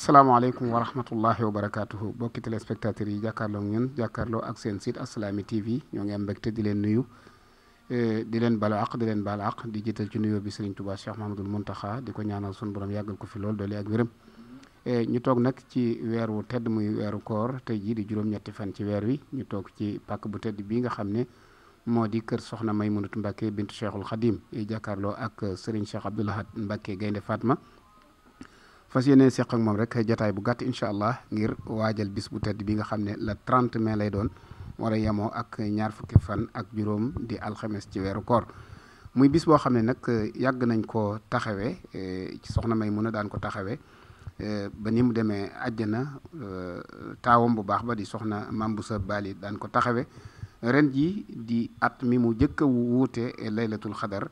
asalaamaaleykum wa rahmatullahi wa barakaatuhu bokki téléspectateurs yi jàkkaarloo ñun jàkkaarloo ak seen site Assalaamy TV ñoo ngi am te di leen nuyu eh, di leen balu àq di leen baal àq di jiital ci nuyoo bi Serigne Touba Cheikh Mahamadul Muntaxa di ko ñaanal sunu borom yàggal ko fi lool doole ak wéram eh, ñu toog nag ci weer wu tedd muy weeru koor tey jii di juróom-ñetti fan ci weer wi ñu toog ci pàkk bu tedd bii nga xam ne moo di kër soxna may Maymunatu Mbàkke bintu Cheikhul Xadim jàkkaarloo ak Serigne Cheikh Abdoul Ahad Mbàkke Gaynde Fatma fas yéene seq ak moom rek jataay bu gàtt incha allah ngir waajal bis bu tedd bi nga xam ne la trent mais lay doon war a yemoo ak ñaar fukki fan ak juróom di alxames ci weeru koor muy bis boo xam ne nag yàgg nañ koo taxawee eh, ci soxna may mën a daan ko taxawee eh, ba ni mu demee àjjana eh, taawam bu baax ba di soxna maam bu sa baali daan ko taxawee ren ji di at mi mu jëkk a wuute laylatul xadar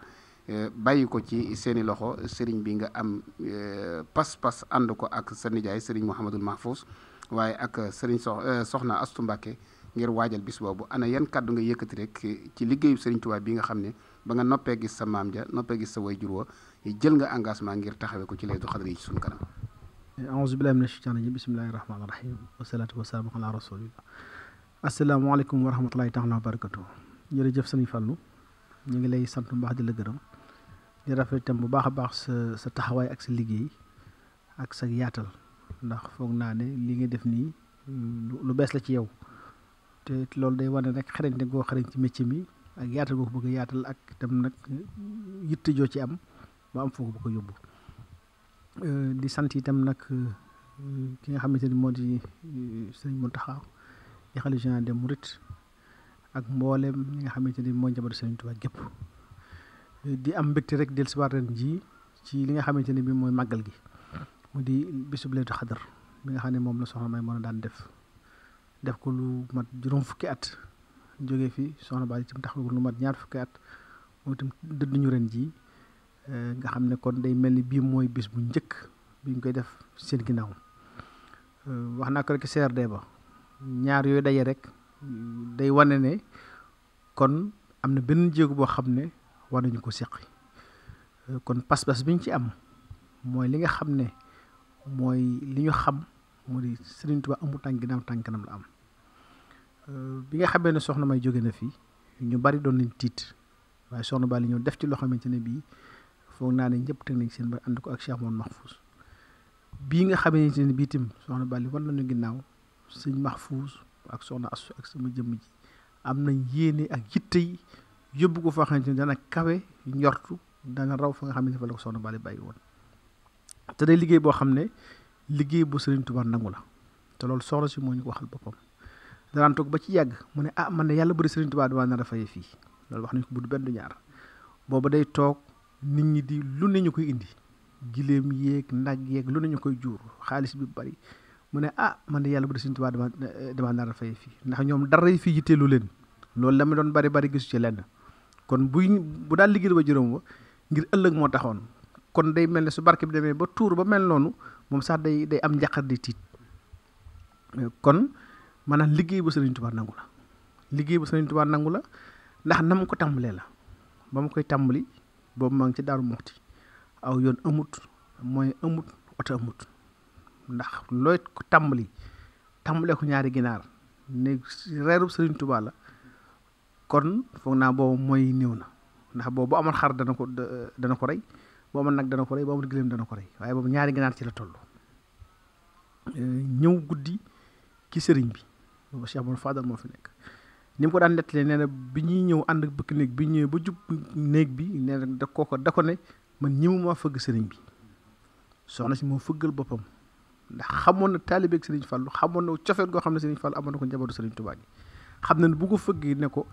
Eh, bàyyi ko ci seeni loxo sëriñ bi nga am eh, pas-pas ànd ko ak sa nijaay sëriñ Mouhamadul Mahfous waaye ak sëriñ eh, soxna Astu Mbàkke ngir waajal bis boobu ana yan kàddu nga yëkkati rek ci liggéeyu sëriñ Tuubaa bi nga xam ne ba nga noppee gis sa maam ja noppee gis sa wayjur wa jël nga engagement ngir taxawee ko ci lay Qadr yi ci suñu kanam aouzu billahi mina shaytaan rajim bismillahi rahmaani rahim wasalaatu wasalaamu ala rasulillah asalaamaaleykum wa rahmatullahi taala wa barakatuh jërëjëf sëriñ Fallou ñu ngi lay sant mbaax di la gërëm di rafet itam bu baax a baax sa sa taxawaay ak sa liggéey ak sa yaatal ndax foog naa ne li nga def nii lu bees la ci yow te loolu day wane nag xarañte goo xarañ ci métier mi ak yaatal goo ko bëgg yaatal ak itam nag yitte joo ci am ba am foo ko bëgg a yóbbu euh, di sant itam nag euh, ki nga xamante ni moo di euh, sëñ Mountakha di xalifa général des mourides ak mboolem ñi nga xamante ni mooy njabootu Sëriñ Tuubaa gépp di am mbégte rek dellusiwaat ren jii ci li nga xamante ne bii mooy màggal gi mu di bisub Laylatul Qadr bi nga xam ne moom la soxna May mën na daan def def ko lu mat juróom fukki at jóge fi soxna Ba itam tax lu mat ñaar fukki at moom itam dëdduñu ren jii eh, nga xam ne kon day mel ni bii mooy bis bu njëkk bi ñu koy def seen ginnaaw eh, wax naa ko rek CRD ba ñaar yooyu daje rek eh, day wane ne kon am na benn jéego boo xam ne. war nañu ko seqi kon pas-pas bi ñu ci am mooy li nga xam ne mooy li ñu xam moo di Sëriñ Tuubaa amul tànk ginnaaw tànk nam la am bi nga xamee ne soxna may jóge na fi ñu bari doon nañ tiit waaye soxna Ba li ñëw def ci loo xamante ne bii foog naa ne ñëpp teg nañ seen ba ànd ko ak Cheikh Moom Mahfouz bii nga xamante ne bii tam soxna Ba li war nañu ginnaaw sëñ Mahfouz ak soxna Assu ak sama jëmm ji am nañ yéene ak yitte yóbbu ko foo xamante ni dana kawe njortu dana raw fa nga xam ne fa la ko soxna Bali bàyyi woon te day liggéey boo xam ne liggéey bu Sëriñ Tuubaa nangu la te loolu soxna si moo ñu ko waxal boppam danaan ba ci yàgg mu ne ah man ne yàlla bëri Sëriñ Tuubaa damaa nar a fayee fii loolu wax nañ bu benn du ñaar booba day toog nit ñi di lu ne koy indi giléem yeeg nag yeeg lu ne ñu koy juur xaalis bi bari mu ne ah man de yàlla bu dee Sëriñ Tuubaa dama dama nar a fay fii ndax ñoom dara yi fii yitteelu leen loolu la mu doon bari bari gisu ci lenn kon buy bu daal liggéey ba juróom ba ngir ëllëg moo taxoon kon day mel ne su barke bi demee ba tuur ba mel noonu moom sax day day am njaqar di tiit kon maanaam liggéey bu Sëriñ Tuubaa nangu la liggéey bu Sëriñ Tuubaa nangu la ndax nam ko tàmbalee la ba mu koy tàmbali boobu maa ngi ci Daaru Muxti aw yoon amut mooy amut oto amut ndax looy tàmbali tàmbalee ko ñaari ginaar ne reerub Sëriñ Tuubaa la kon foog naa boobu mooy néew na ndax boobu bu amoon xar dana ko dana ko rey bu amoon nag dana ko rey bu amoon dana ko rey waaye boobu ñaari ganaar ci la toll euh, ñëw guddi ki sëriñ bi boobu Cheikh Mouhamadou Fadal moo fi nekk ni mu ko daan nettalee nee na bi ñuy ñëw ànd ak bëkk néeg bi ñëwee ba jub néeg bi nee na da koo ko da ko ne man ñëwuma fëgg sëriñ bi soxna si moo fëggal boppam ndax xamoon na taalibeeg sëriñ Fallou xamoon na cofeet goo xam ne sëriñ Fallou amoon na ko njabootu sëriñ Touba gi xam na ne bu ko fëggee ne ko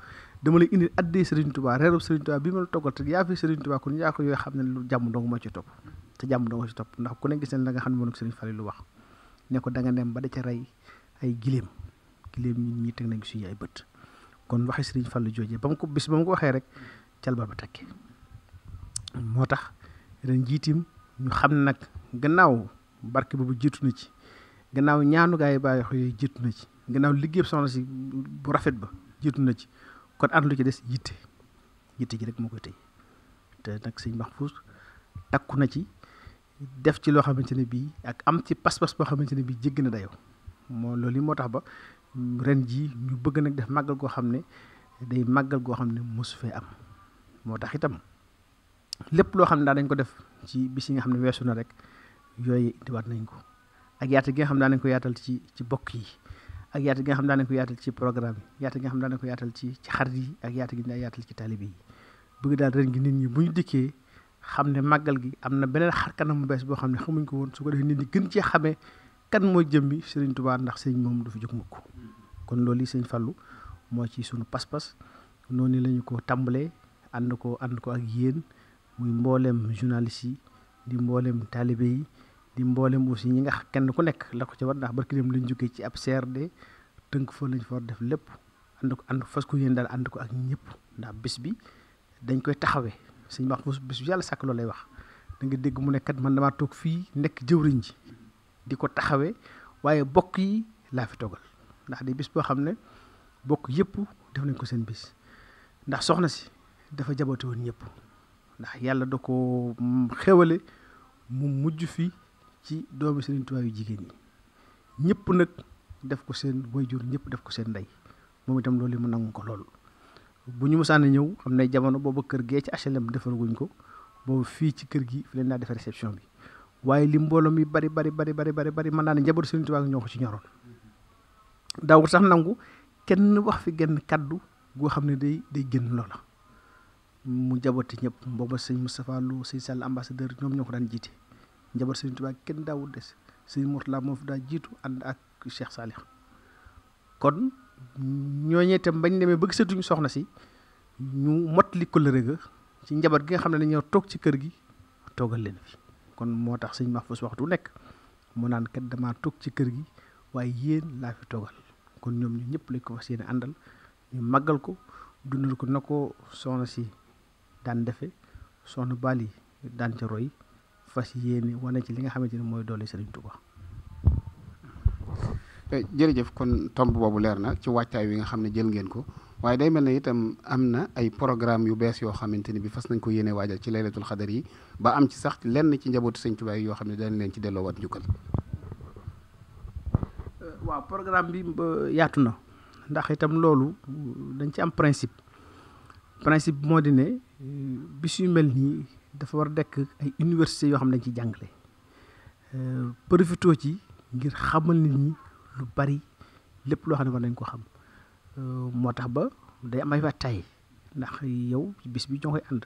dama lay indi addee Serigne Touba reerub Serigne Touba bi ma la toggal te yaa fi Serigne Touba kon yaa ko yooyu xam ne lu jàmm dong moo ci topp te jàmm dong moo ci topp ndax ku ne gis ne la nga xam ne lu ko da dem ba da ca rey ay gileem gileem teg nañ suñu ay bët kon waxe Serigne Fallou joojee ba mu ko bis ba mu ko waxee rek cal ba ba takki moo tax ren jiitim ñu xam ne nag gannaaw barke boobu jiitu na ci gannaaw ñaanu gaay yi bàyyi yooyu jiitu na ci ginnaaw liggéey soxna si bu rafet ba jiitu na ci kon am lu ci des yitte yitte ji rek moo koy tëye te nag sëñ Mahfouz takku na ci def ci loo xamante ne bii ak am ci pas-pas boo xamante ne bii jégg na dayoo moo loolu moo tax ba ren ji ñu bëgg nag def màggal goo xam ne day màggal goo xam ne mosu fee am moo tax itam lépp loo xam ne daa dañ ko def ci bis yi nga xam ne weesu na rek yooyu indiwaat nañ ko ak yaata gee nga xam ne daa nañ ko yaatal ci ci bokk yi ak gi nga xam daanañ ko yaatal ci programme yi yaata xam daanañ ko yaatal ci ci xarit yi ak gi ñu daan yaatal ci taalibe yi bëgg daal ren gi nit ñi bu ñu dikkee xam ne màggal gi am na beneen xar kanam bu bees boo xam ne xamuñ ko woon su ko defee nit ñi gën cee xamee kan mooy jëmmi Serigne Touba ndax sëñ moom du fi jóg mukk kon loolu yi sëñ Fallu moo ci sunu pas-pas noonu la ñu ko tàmbalee ànd ko ànd ko ak yéen muy mbooleem journaliste yi di mbooleem taalibe yi di mboolem aussi ñi nga xam kenn ku nekk la ko ci war ndax barki dem lañ jógee ci ab CRD tënk fa lañ fa war def lépp ànd ko ànd ko fas ko yéen daal ànd ko ak ñëpp ndax bis bi dañ koy taxawee suñ wax bis bi yàlla sàkk lay wax da dégg mu ne kat man damaa toog fii nekk jëwriñ ji di ko taxawee waaye bokk yi laa fi toogal ndax di bis boo xam ne bokk yëpp def nañ ko seen bis ndax soxna si dafa jaboote woon ñëpp ndax yàlla da ko xéwale mu mujj fii ci doomi Sëriñ Tuubaa yu jigéen ñi ñëpp nag def ko seen waajur ñëpp def ko seen ndey moom itam loolu mu nangu ko loolu bu ñu mosaan ñëw xam ne jamono boobu kër gee ci HLM defaraguñ ko boobu fii ci kër gi fi leen daa defe réception bi waaye li mbooloo mi bari bari bari bari bari bari mën naa ne njabootu Sëriñ Tuubaa ñoo ko ci ñoroon daawul sax nangu kenn wax fi genn kàddu goo xam ne day day génn loola mu jabooti ñëpp booba sëñ Moustapha Lo sëñ Sall ambassadeur ñoom ñoo daan jiite njaboot Serigne Touba kenn daawul des Serigne Mourtala moo fi daa jiitu ànd ak Cheikh Salih kon ñooñee mbañ bañ demee ba gisatuñu soxna si ñu mot li kóllëre ga ci njaboot gi nga xam ne dañoo toog ci kër gi toogal leen fi kon moo tax Serigne Mahfous waxtu nekk moo naan kat dama toog ci kër gi waaye yéen laa fi toogal kon ñoom ñu ñëpp lañ ko fas yéene àndal ñu màggal ko dundal ko na ko soxna si daan defe soxna Bali daan ca roy fas yéene wane ci li nga xamante ne mooy doole Serigne Touba. Eh, jërëjëf kon tomb boobu leer na ci waajtaay wi nga xam ne jël ngeen ko waaye day mel ne itam am na ay programme yu bees yoo xamante ni bi fas nañ ko yéene waajal ci laylatul xadar yi ba am ci sax lenn ci njabootu sañ Touba yoo xam ne dañ leen ci delloowaat njukkal. Euh, waaw programme bi yaatu na ndax itam loolu dañ ci am principe principe moo di ne euh, bis yu mel nii. dafa war a dekk ay université yoo xam ne dañ ci jàngale euh, profito ci ngir xamal nit ñi lu bari lépp loo xam ne war nañ ko xam euh, moo tax ba day am ay wattaay ndax yow bis bi ñoo koy ànd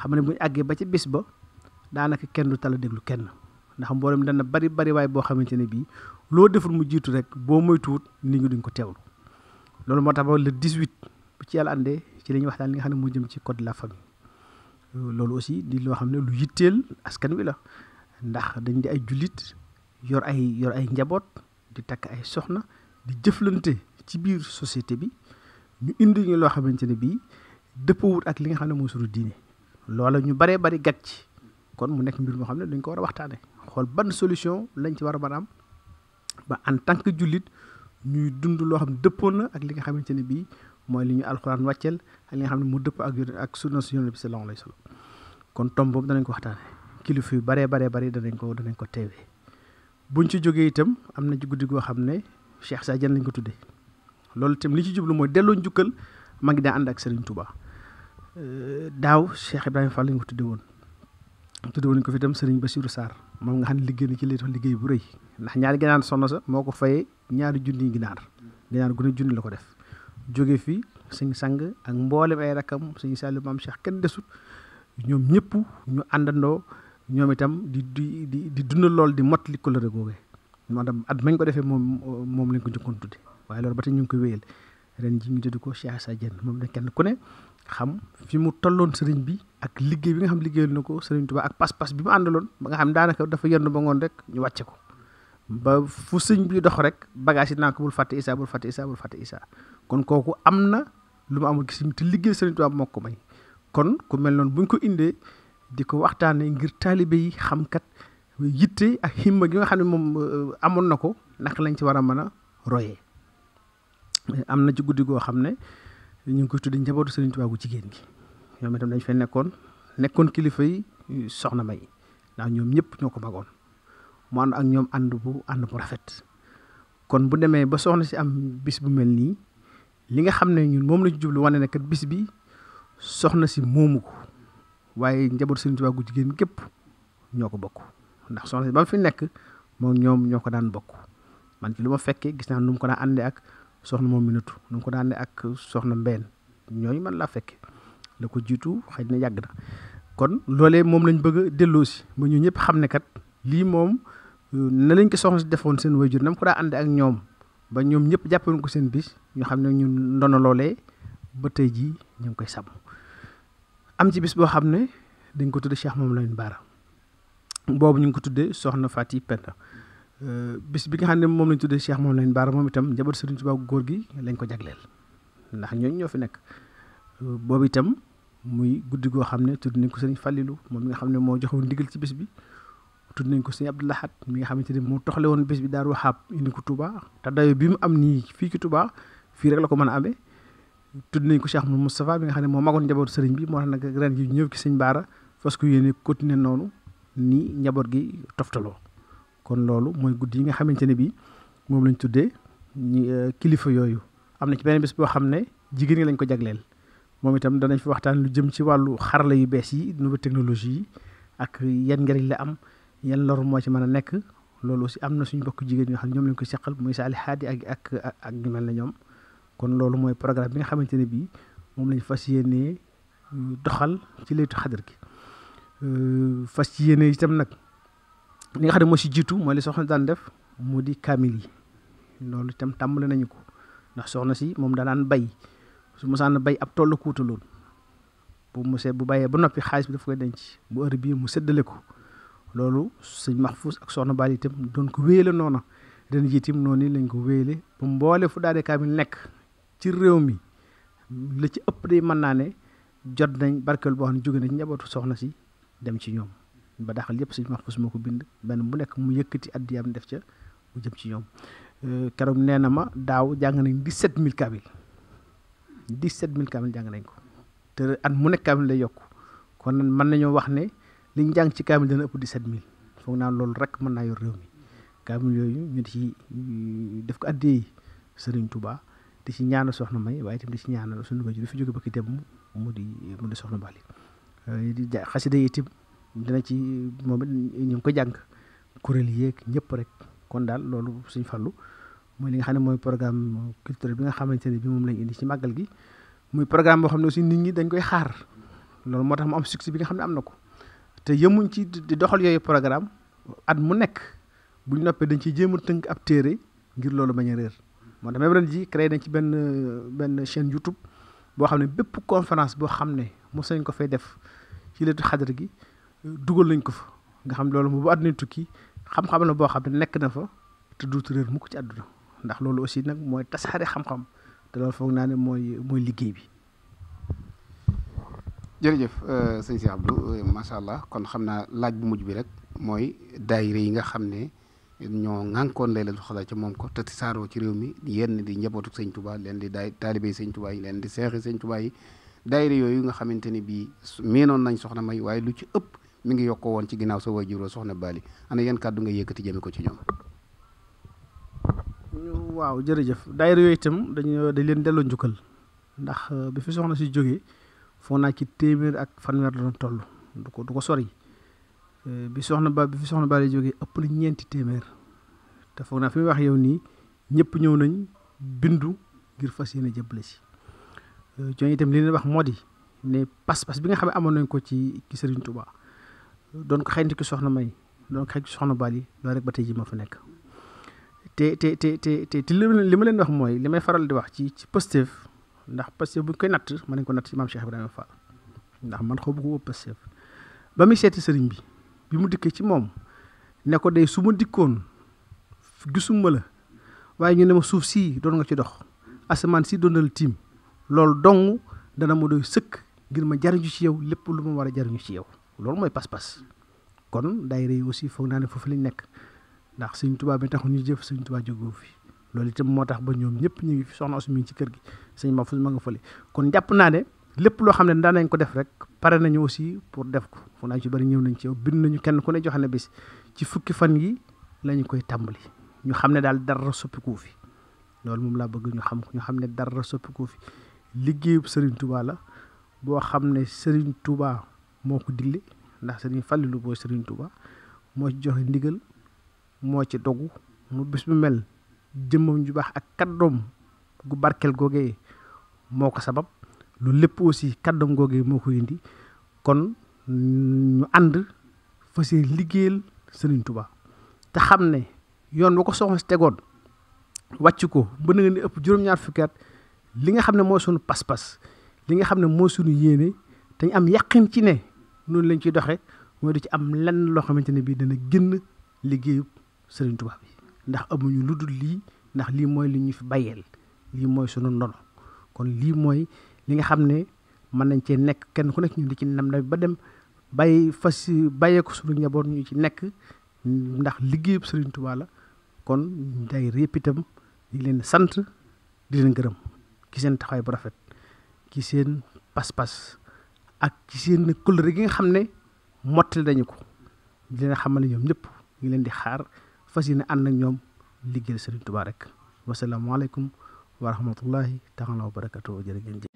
xam ne bu ñu àggee ba ci bis ba daanaka kenn du tala déglu kenn ndax mboolem dana bari bari waaye boo xamante ne bii loo deful mu jiitu rek boo moytuwut nit ñi duñ ko teewlu loolu moo tax ba le 18 bu ci yàlla àndee ci la ñuy wax daal li nga xam ne moo jëm ci code de la famille. loolu aussi di loo xam ne lu yitteel askan wi la ndax dañ di ay jullit yor ay yor ay njaboot di takk ay soxna di jëflante ci biir societé bi ñu indi loo xamante ne bii dëppawut ak li xam ne mooy suñu diine loola ñu bare bari gàcc ci kon mu nekk mbir moo xam ne dañ ko war a waxtaane xool ban solution lañ ci war a mën am ba en tant que jullit ñuy dund loo xam dëppoon na ak li nga xamante ne bii mooy li ñu alxuraan wàcceel ak li xam ne mu dëpp ak ak sunna si yonent bi sallallahu alayhi danañ ko waxtaane kilifa yu baree baree bari danañ ko danañ ko teewee buñ ci jógee itam am na ci guddi goo xam ne Cheikh jan lañ ko tuddee loolu itam li ci jublu mooy delloo njukkal ma ngi daa ànd ak Serigne Touba euh, daaw Cheikh Ibrahima Fall lañ ko tuddee woon tuddee woon ko fi itam ba Bassirou Sarr moom nga xam liggéey na ci lii tax liggéey bu rëy ndax ñaari ginaar sonn sa moo ko fayee ñaari junni ginaar ginaar gu ne junni la ko def jóge fii suñ sang ak mboolem ay rakkam suñu sàllu maam Cheikh kenn desut ñoom ñëpp ñu àndandoo ñoom itam di di di di dundal lool di mot li coloré ko defee moom moom lañ ko njëkkoon tudde waaye loolu ba tey ñu ngi koy ren ji ñu tudd ko Cheikh Issa Diène moom la kenn ku ne xam fi mu tolloon sëriñ bi ak liggéey bi nga xam liggéeyal na ko sëriñ Tuubaa ak pas-pas bi mu àndaloon nga xam daanaka dafa yendu ba ngoon rek ñu wàcce ko ba fu sëñ bi dox rek bagage yi naan ko bul fàtte Issa bul fàtte Issa bul Issa kon kooku am na lu mu amul gis te liggéey Sëriñ Tuubaa moo ko may kon ku mel noonu buñ ko indee di ko waxtaanee ngir taalibe yi xamkat kat yitte ak himma gi nga xam ne moom euh, amoon na ko naka lañ ci war a mën a royee. am na ci guddi goo xam ne ñu ngi koy tuddee njabootu Sëriñ Tuubaa gu jigéen gi ñoom itam dañ fay nekkoon nekkoon kilifa yi soxna May ndax ñoom ñëpp ñoo ko magoon. mu ànd ak ñoom ànd bu ànd bu rafet kon bu demee ba soxna si am bis bu mel nii li nga xam ne ñun moom la ñu jublu wane ne bis bi soxna si moomu ko waaye njaboot Sëriñ Tuubaa gu jigéen képp ñoo ko bokk ndax soxna si ba mu fi nekk moom ñoom ñoo ko daan bokk man ci lu ma fekkee gis naa nu mu ko daan àndee ak soxna moom minatu nu mu ko daan ak soxna mbeen ñooñu man laa fekke la ko jiitu xaj na yàgg na kon loolee moom lañ bëgg a delloo si ba ñu ñëpp xam ne lii moom na lañ ko soxna si defoon seen wayjur na mu ko daa ànd ak ñoom ba ñoom ñëpp jàppoon ko seen bis ñoo xam ne ñun ndono loolee ba tey jii ñu ngi koy sàmm am ci bis boo xam ne dañ ko tudde Cheikh Mame Lamine Bara boobu ñu ngi ko tuddee soxna Faty Penda euh, bis bi nga xam ne moom lañ tuddee Cheikh Mame Lamine Bara moom itam njaboot Sëriñ Tuubaa góor gi lañ ko jagleel ndax ñooñu ñoo fi nekk euh, boobu itam muy guddi goo xam ne tudd nañ ko Sëriñ Fàllilu moom mi nga xam ne moo joxoon ndigal ci bis bi tudd nañ ko sëñ Abdou Lahad mi nga xamante ne moo toxale woon bés bi Daaru Wahab indi ko Touba te dayo bi mu am nii fii ci Touba fii rek la ko mën a amee tudd nañ ko Cheikh Mouhamadou Moustapha mi nga xam ne moo magoon njabootu sëriñ bi moo tax nag ren ji ñëw ci Baara parce que yéene continuer noonu nii njaboot gi toftaloo kon loolu mooy guddi yi nga xamante ne bi moom lañ tuddee ñi euh, kilifa yooyu am na ci beneen bés boo xam ne jigéen yi lañ ko jagleel moom itam danañ fi waxtaan lu jëm ci wàllu xarala yu bees yi nouvelle technologie yi ak yan njëriñ la am yan lor moo ci mën a nekk loolu aussi am na suñu mbokk jigéen ñoo xam ne ñoom lañ ko seqal muy saali xaadi ak ak ak ñu mel na ñoom kon loolu mooy programme bi nga xamante ne bii moom lañ fas yéenee doxal ci laytu xadar gi euh, fas yéene tam nag li nga xam ne moo ci jiitu mooy li soxna daan def mu di kaamil yi loolu itam tàmbale nañu ko ndax soxna si moom danaan bay su mosaan bay ab toll kuutaloon bu mu see bu bàyyee ba noppi xaalis bi daf koy denc bu heure mu séddale ko loolu sëñ Mahfous ak soxna Bali itam doon ko wéyale noona ren ji itam noonu lañ ko wéyale ba mboole fu daade kaamil nekk ci réew mi la ci ëpp day mën naa ne jot nañ barkeel boo xam ne jóge nañ njabootu soxna si dem ci ñoom ba daxal yëpp sëñ Mahfous moo ko bind benn bu nekk mu yëkkati addiyaam def ca mu jëm ci ñoom euh, keroog nee na ma daaw jàng nañ dix-sept mille kaamil dix-sept mille jàng nañ ko te at mu nekk kaamil lay yokk kon mën nañoo wax ne liñ ñu ci kaamil dana ëpp dix-sept mille foog naa loolu rek mën naa yor réew mi kaamil yooyu ñu di ci def ko addee Serigne Touba di ci ñaanal soxna May waaye itam di ci ñaanal suñu wajur fi jóge ba ki dem mu di mu di soxna Bali di xasida yi itam dina ci moom it ñu ngi ko jàng kuréel yeeg ñëpp rek kon daal loolu suñ fàllu mooy li nga xam ne mooy programme culturel bi nga xamante ne bi moom lañ indi ci màggal gi muy programme boo xam ne aussi nit ñi dañ koy xaar loolu moo tax mu am succès bi nga xam ne am na ko te yemuñ ci di doxal yooyu programme at mu nekk buñ noppee dañ ciy jéem a tënk ab téere ngir loolu bañ a réer moo tax même ren ji créé nañ ci benn benn chaîne YouTube boo xam ne bépp conférence boo xam ne mos sañ ko fee def ci leetu xadar gi dugal nañ ko fa nga xam loolu bu àdduna tukki xam-xam la boo xam ne nekk na fa te duutu réer mukk ci àdduna ndax loolu aussi nag mooy tasaare xam-xam te loolu foog naa ne mooy mooy liggéey bi jërëjëf euh, sëñ si Abdou euh, macha allah kon xam naa laaj bu mujj bi rek mooy daayira yi nga xam ne ñoo ŋànkoon Laylatul Qadr ci moom ko te tisaaroo ci réew mi yenn di njabootu sëñ Touba leen di daay taalibey sëñ Touba yi leen di seexi sëñ Touba yi daayira yooyu nga xamante ni bii meenoon nañ soxna May waaye lu ci ëpp mi ngi yokkoo woon ci ginnaaw sa waajur soxna Bali ana yan kàddu nga yëkkati jëme ko ci ñoom. waaw jërëjëf daayira yooyu itam dañu dañ leen delloo njukkal ndax euh, bi fi soxna si jógee. foog naa ci téeméer ak fanweer la doon toll du ko du ko sori eh, bi soxna ba bi fi soxna Ba lay jógee ëpp na ñeenti téeméer te foog naa fi muy wax yow nii ñëpp ñëw nañ bindu ngir fas yéene jëble si eh, coono itam li leen wax moo di ne pas-pas bi nga xam ne amoon nañ ko ci ci Serigne Touba doon ko xeeñtu soxna May doon ko soxna Bali ba tey ji ma nekk. te te te te te li ma leen wax mooy li may faral di wax ci ci Pastef ndax Pastef bu ñu koy natt mën nañ ko natt ci maam Cheikh Ibrahima Fall ndax man xaw ma ko woo Pastef ba muy seeti sëriñ bi bi mu dikkee ci moom ne ko day su ma dikkoon gisuma la waaye ñu ne ma suuf sii doon nga ci dox asamaan si doonal tiim loolu dong dana ma doy sëkk ngir ma jariñu ci yow lépp lu ma war a jariñu ci yow loolu mooy pas-pas kon daayira yi aussi foog naa ne foofu lañ nekk ndax suñu tubaab bi taxu ñu jëf Sëriñ Tuubaa jógoo fi loolu itam moo tax ba ñoom ñëpp ñu ngi fi soxna Asmi ci kër gi sëñ ma fu ma nga fële kon jàpp naa ne lépp loo xam ne daan nañ ko def rek pare nañu aussi pour def ko fu naa ci bëri ñëw nañ ci yow bind nañu kenn ku ne joxe ne bis ci fukki fan yi lañu koy tàmbali ñu xam ne daal dara soppiku fi loolu moom laa bëgg ñu xam ko ñu xam ne dara soppiku fi liggéeyub Serigne Touba la boo xam ne sëriñ Touba moo ko dille ndax Serigne Fallilou booy Serigne Touba moo ci joxe ndigal moo ci dogu mu bis bu mel. jëmmam ju baax ak kaddoom gu barkel googee moo ko sabab lu lépp aussi kaddoom googee moo ko indi kon ñu ànd fa yéene liggéeyal Serigne Touba te xam ne yoon wa ko soxna si tegoon wàcc ko ba na nga ni ëpp juróom-ñaar fukki li nga xam ne mooy sunu pas-pas li nga xam ne mooy sunu yéene te ñu am yàqin ci ne noonu lañ ciy doxe mooy du ci am lenn loo xamante ne bii dana génn liggéeyu Serigne Touba bi. ndax amuñu lu dul lii ndax lii mooy li ñu fi bayeel lii mooy sunu ndono kon lii mooy li nga xam ne mën nañ cee nekk kenn ku nekk ñu di ci nam na ba dem bàyyi fas bàyyee ko sunu njaboot ñu ci nekk ndax liggéey Sëriñ Tuubaa la kon day répp itam di leen sant di leen gërëm ci seen taxawaay bu rafet ci seen pas-pas ak ci seen kóllëre gi nga xam ne mottali dañu ko di leen xamal ñoom ñëpp ñu leen di xaar fas yéene ànd ak ñoom liggéey Sëriñ Tuubaa rek wasalaamualeykum wa rahmatullahi taala wa barakatuh jërë ngeen jëf